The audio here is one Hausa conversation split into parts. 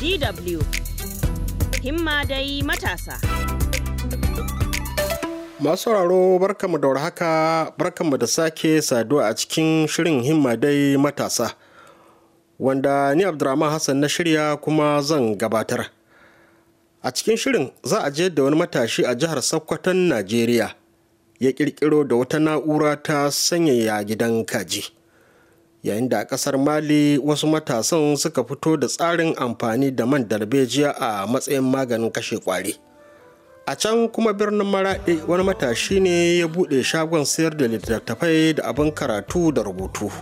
DW himma dai matasa. Masu sauraro barkamu da warhaka barkamu da sake saduwa a cikin shirin himma dai matasa. Wanda ni Abdurrahman Hassan na shirya kuma zan gabatar. A cikin shirin za a je da wani matashi a jihar Sokoton Najeriya ya ƙirƙiro da wata na'ura ta sanyaya gidan kaji. yayin da a kasar mali wasu matasan suka fito da tsarin amfani da man darbejiya a matsayin maganin kashe kwari a can kuma birnin maraɗe wani matashi ne ya buɗe shagon sayar da littattafai da abin karatu da rubutu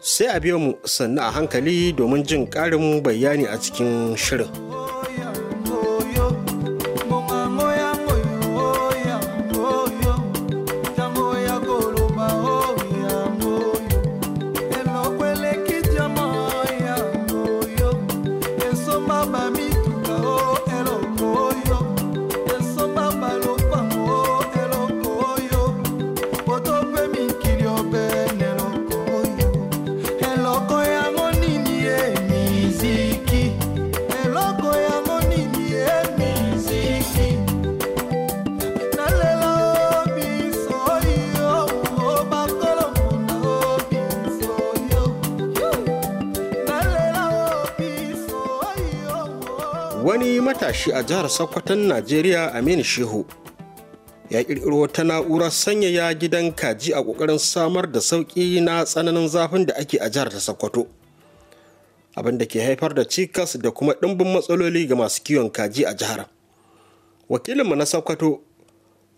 sai a biyo mu sannu a hankali domin jin ƙarin bayani a cikin shirin. matashi a jihar Sokoton Najeriya Aminu Shehu ya ƙirƙiro ta na'urar sanyaya gidan kaji a ƙoƙarin samar da sauƙi na tsananin zafin da ake a jihar ta Sokoto. Abin da ke haifar da cikas da kuma ɗimbin matsaloli ga masu kiwon kaji a jihar. Wakilinmu na Sokoto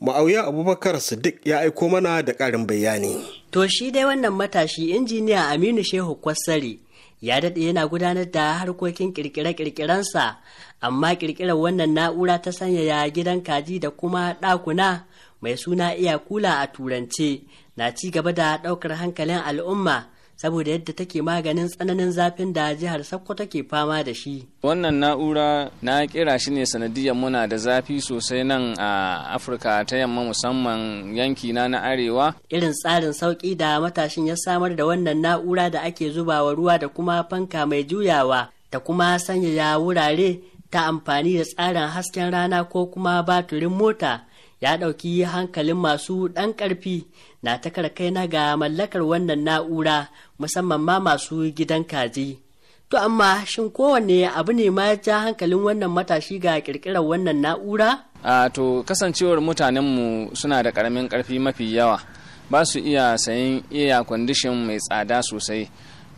Ma'auya Abubakar Siddiq ya aiko mana da ƙarin bayani. To shi dai wannan matashi injiniya Aminu Shehu Kwassari ya daɗe yana gudanar da harkokin ƙirƙire-ƙirƙirensa, amma ƙirƙirar wannan na'ura ta sanyaya gidan kaji da kuma ɗakuna mai suna iya kula a turance na ci gaba da ɗaukar hankalin al'umma saboda yadda take maganin tsananin zafin da jihar Sakko take fama da shi. Wannan na'ura na kira shi ne sanadiyar muna da zafi sosai nan a Afirka ta yamma musamman yanki na na arewa. Irin tsarin sauki da matashin ya samar da wannan na'ura da ake zubawa ruwa da kuma fanka mai juyawa da kuma sanyaya wurare ta amfani da tsarin hasken rana ko kuma baturin mota. ya ɗauki hankalin masu ɗan ƙarfi na ta na ga mallakar wannan na'ura musamman ma masu gidan kaji. To amma shin kowane abu ne ma ja hankalin wannan matashi ga ƙirƙirar wannan na'ura? A to kasancewar mutanenmu suna da ƙaramin ƙarfi mafi yawa ba su iya sayen iya kwandishin mai tsada sosai.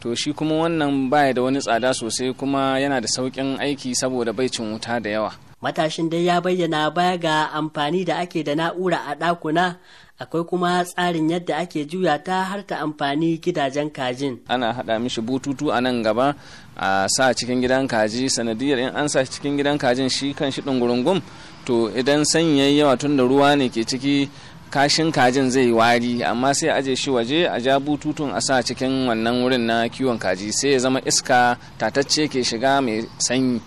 to shi kuma wannan baya da wani tsada sosai kuma yana da sauƙin aiki saboda bai cin wuta da yawa matashin dai ya bayyana baya ga amfani da ake da na'ura a ɗakuna akwai kuma tsarin yadda ake juya ta har ta amfani gidajen kajin ana haɗa mishi bututu a nan gaba a sa cikin gidan kaji sanadiyar in an sa cikin gidan kajin shi kan shi ɗungurungun to idan sanyi yayi yawa tun da ruwa ne ke ciki kashin kajin zai wari amma sai aje shi waje a ja bututun a sa cikin wannan wurin na kiwon kaji sai ya zama iska tatacce ke shiga mai sanyi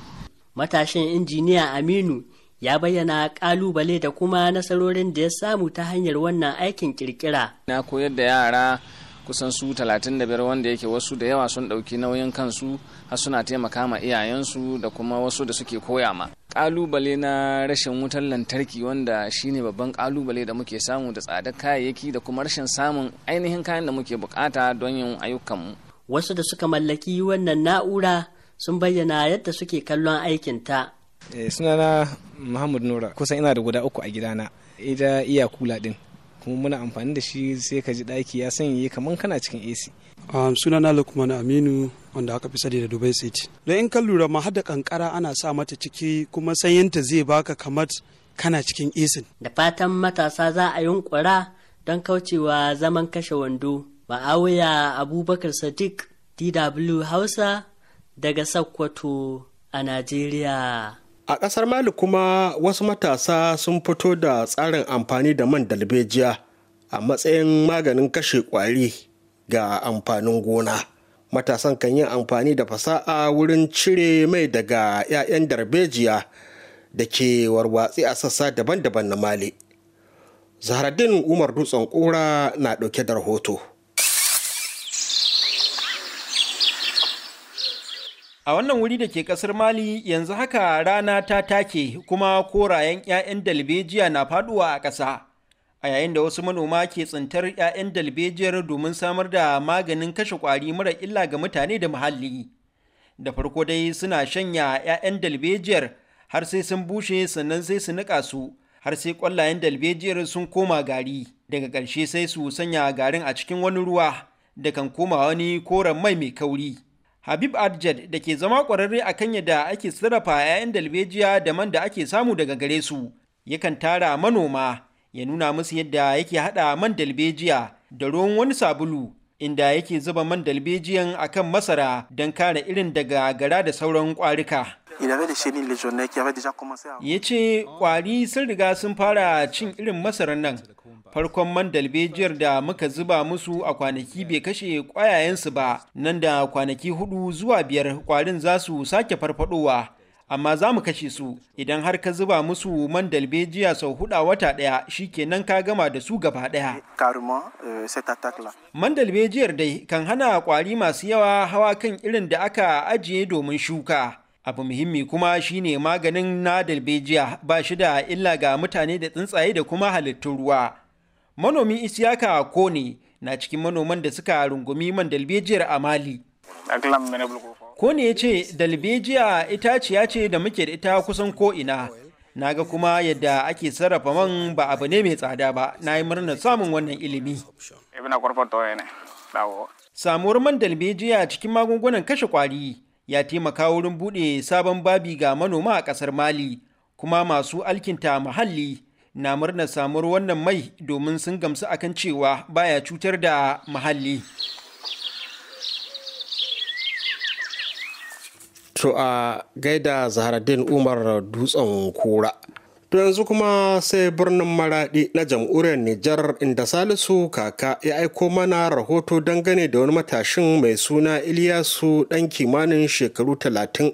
matashin injiniya aminu ya bayyana kalubale da kuma nasarorin da ya samu ta hanyar wannan aikin kirkira na koyar da yara kusan su 35 wanda yake wasu da yawa sun ɗauki nauyin kansu har suna taimaka ma iyayensu da kuma wasu da suke koya ma kalubale na rashin wutar lantarki wanda shine babban kalubale da muke samu da tsadar kayayyaki da kuma rashin samun ainihin kayan da muke bukata don yin ayyukanmu wasu da suka mallaki wannan na'ura sun bayyana yadda suke kallon aikinta. Eh, sunana Muhammad Nura kusan ina da guda uku a gidana ita iya kula din kuma muna amfani da shi sai ka ji daki ya yi kamar kana cikin AC. Um, sunana Lukman Aminu wanda aka fi sani da Dubai City. Don in ka lura ma hada kankara ana sa mata ciki kuma sanyinta zai baka kamar kana cikin AC. Da fatan matasa za a yunkura don kaucewa zaman kashe wando. Ma'awiya Abubakar Sadiq DW Hausa daga Sokoto a Najeriya. A ƙasar Mali kuma wasu matasa sun fito da tsarin amfani da man dalbejiya a matsayin maganin kashe ƙwari ga amfanin gona. Matasan kan yi amfani da fasa'a wurin cire mai daga 'ya'yan darbejiya da ke warwatsi a sassa daban-daban na Mali. zahradin Umar Dutsen Kura na ɗauke da rahoto. A wannan wuri da ke kasar Mali yanzu haka rana ta take kuma korayen 'ya'yan dalbejiya na faduwa a ƙasa. A yayin da wasu manoma ke tsintar 'ya'yan dalbejiyar domin samar da maganin kashe ƙwari mara illa ga mutane da muhalli. Da farko dai suna shanya 'ya'yan dalbejiyar har sai sun bushe sannan sai su niƙa su har sai ƙwallayen dalbejiyar sun koma gari. Daga ƙarshe sai su sanya garin a cikin wani ruwa da kan koma wani koren mai mai kauri. Habib Adjad da ke zama ƙwararre a kan yadda ake sarrafa 'ya'yan dalbejiya da man da ake samu daga gare su, yakan tara manoma ya nuna musu yadda yake haɗa man dalbejiya da ruwan wani sabulu inda yake zuba man dalbejiyan kan masara don kare irin daga gara da sauran ƙwarika. Ya ce kwari sun riga sun fara cin irin masarar nan. Farkon man dalbejiyar da muka zuba musu a kwanaki bai kashe kwayayensu ba, nan da kwanaki hudu zuwa biyar kwarin za su sake farfadowa. Amma za mu kashe su idan har ka zuba musu man dalbejiya sau a wata ɗaya shikenan ka gama da su gaba ɗaya. Euh, man dalbejiyar dai kan hana kwari masu yawa hawa kan irin da aka ajiye domin shuka. abu muhimmi kuma shine maganin na dalbejiya ba shi da illa ga mutane da tsuntsaye da kuma halittun ruwa Manomin isiyaka kone na cikin manoman da suka rungumi man dalbejiyar a mali kone ya ce dalbejiya itaciya ce da muke da ita kusan ko'ina na ga kuma yadda ake sarrafa man ba abu ne mai tsada ba na yi murnar samun wannan ilimi samuwar man dalbejiya cikin magungunan kashe kwari ya taimaka wurin buɗe sabon babi ga manoma a ƙasar Mali, kuma masu alkinta muhalli na murna samuwar wannan mai domin sun gamsu akan cewa baya cutar da muhalli. To a gaida Zaharaddin Umar Dutsen Kura. To yanzu kuma sai birnin Maraɗi na jam'uriyar Nijar inda Salisu kaka ya aiko mana rahoto dangane da wani matashin mai suna Iliyasu ɗan kimanin shekaru talatin.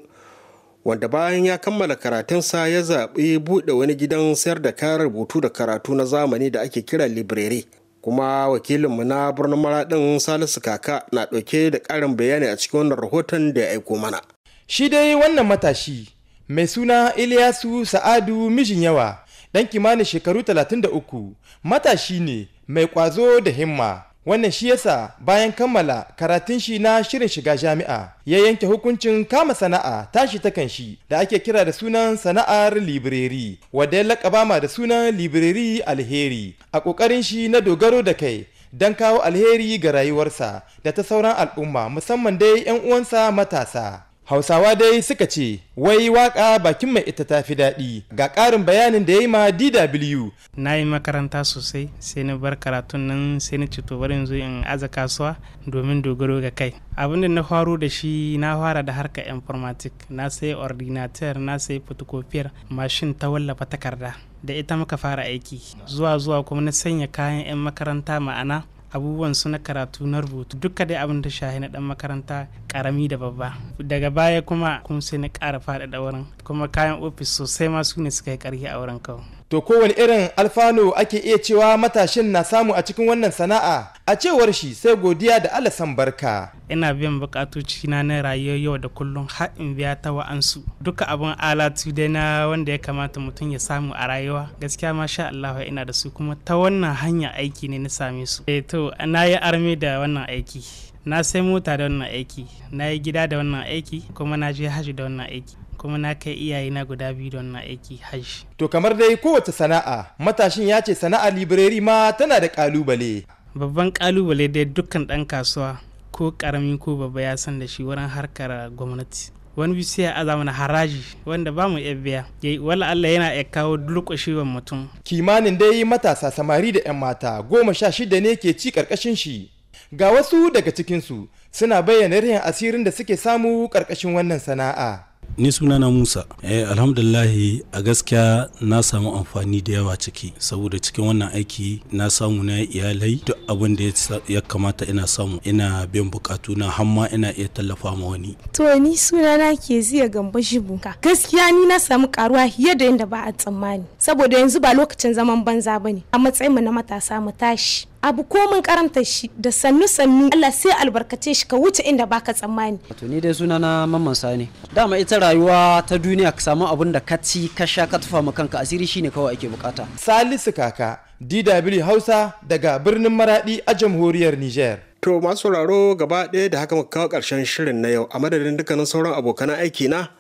Wanda bayan ya kammala karatunsa ya zaɓi buɗe wani gidan sayar da kayan rubutu da karatu na zamani da ake kira library. Kuma wakilinmu na birnin Maraɗin Salisu kaka na ɗauke da ƙarin bayani a cikin wannan rahoton da ya aiko mana. Shi dai wannan matashi mai suna Iliyasu Sa'adu Mijin Yawa, ɗan kimanin shekaru 33, matashi ne mai ƙwazo da himma. Wannan shi yasa bayan kammala karatun shi na shirin shiga jami'a ya yanke hukuncin kama sana'a tashi ta kan shi da ake kira da sunan sana'ar libreri wadda ya lakaba ma da sunan libreri alheri a ƙoƙarin shi na dogaro da kai don kawo alheri ga rayuwarsa da ta sauran al'umma musamman dai 'yan uwansa matasa. Hausawa dai suka ce, wai waka bakin mai ita ta fi daɗi ga ƙarin bayanin da ya yi ma DW. Na yi makaranta sosai, sai na bar karatun nan sai na to bari yanzu in aza kasuwa domin dogaro ga kai. Abin da na faro da shi na fara da harka informatic, na sai ordinateur, na sai photocopier mashin ta wallafa takarda. Da ita muka fara aiki, zuwa zuwa kuma na sanya kayan 'yan makaranta ma'ana abubuwan su na karatu na rubutu duka dai abin da shahi na dan makaranta karami da babba daga baya kuma kun sai na ƙara faɗaɗa wurin kuma kayan ofis sosai ma su ne suka yi ƙarfi a wurin kawai To kowane irin alfano ake iya cewa matashin na samu a cikin wannan sana'a a cewar shi sai godiya da alasan barka. Ina biyan bukatoci na na rayuwar yau da kullum har in biya ta wa'ansu. Duka abin alatu dai na wanda ya kamata mutum ya samu a rayuwa. Gaskiya ma sha Allah ina da su kuma ta wannan hanya aiki ne na same su. Eh to na yi arme da wannan aiki. na sai mota da wannan aiki na yi gida da wannan aiki kuma na je hajji da wannan aiki kuma na kai iyaye na guda biyu da wannan aiki hajji to kamar dai kowace sana'a matashin ya ce sana'a libreri ma tana da kalubale babban kalubale dai dukkan dan kasuwa ko karami ko babba ya san da shi wurin harkar gwamnati wani bisa ya aza mana haraji wanda ba mu iya biya wala Allah yana ya kawo durƙushewar mutum kimanin dai matasa samari da 'yan mata goma sha shida ne ke ci ƙarƙashin shi ga wasu daga cikinsu suna bayyana yin asirin da suke samu karkashin wannan sana'a ni sunana musa eh, alhamdulillahi a gaskiya na samu amfani da yawa ciki saboda cikin wannan aiki na samu na iyalai duk abin da ya kamata ina samu ina bin bukatu na hamma ina iya tallafa ma wani to ni sunana ke ziya gamba shibuka gaskiya ni na samu karuwa fiye da yadda ba a tsammani saboda yanzu ba lokacin zaman banza ba ne, a matsayin mu na matasa mu tashi abu komin karanta shi da sannu sannu Allah sai albarkace shi ka wuce inda baka tsammani to ni dai suna na mamman sani dama ita rayuwa ta duniya ka samu abun da ka ci ka sha ka tufa kanka asiri shine kawai ake bukata salisu kaka DW Hausa daga birnin Maradi a jamhuriyar Niger to masu sauraro gaba ɗaya da haka muka kawo ƙarshen shirin na yau a madadin dukkanin sauran abokan aiki na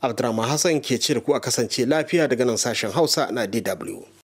Abdurrahman Hassan ke ce da ku a kasance lafiya daga nan sashen Hausa na DW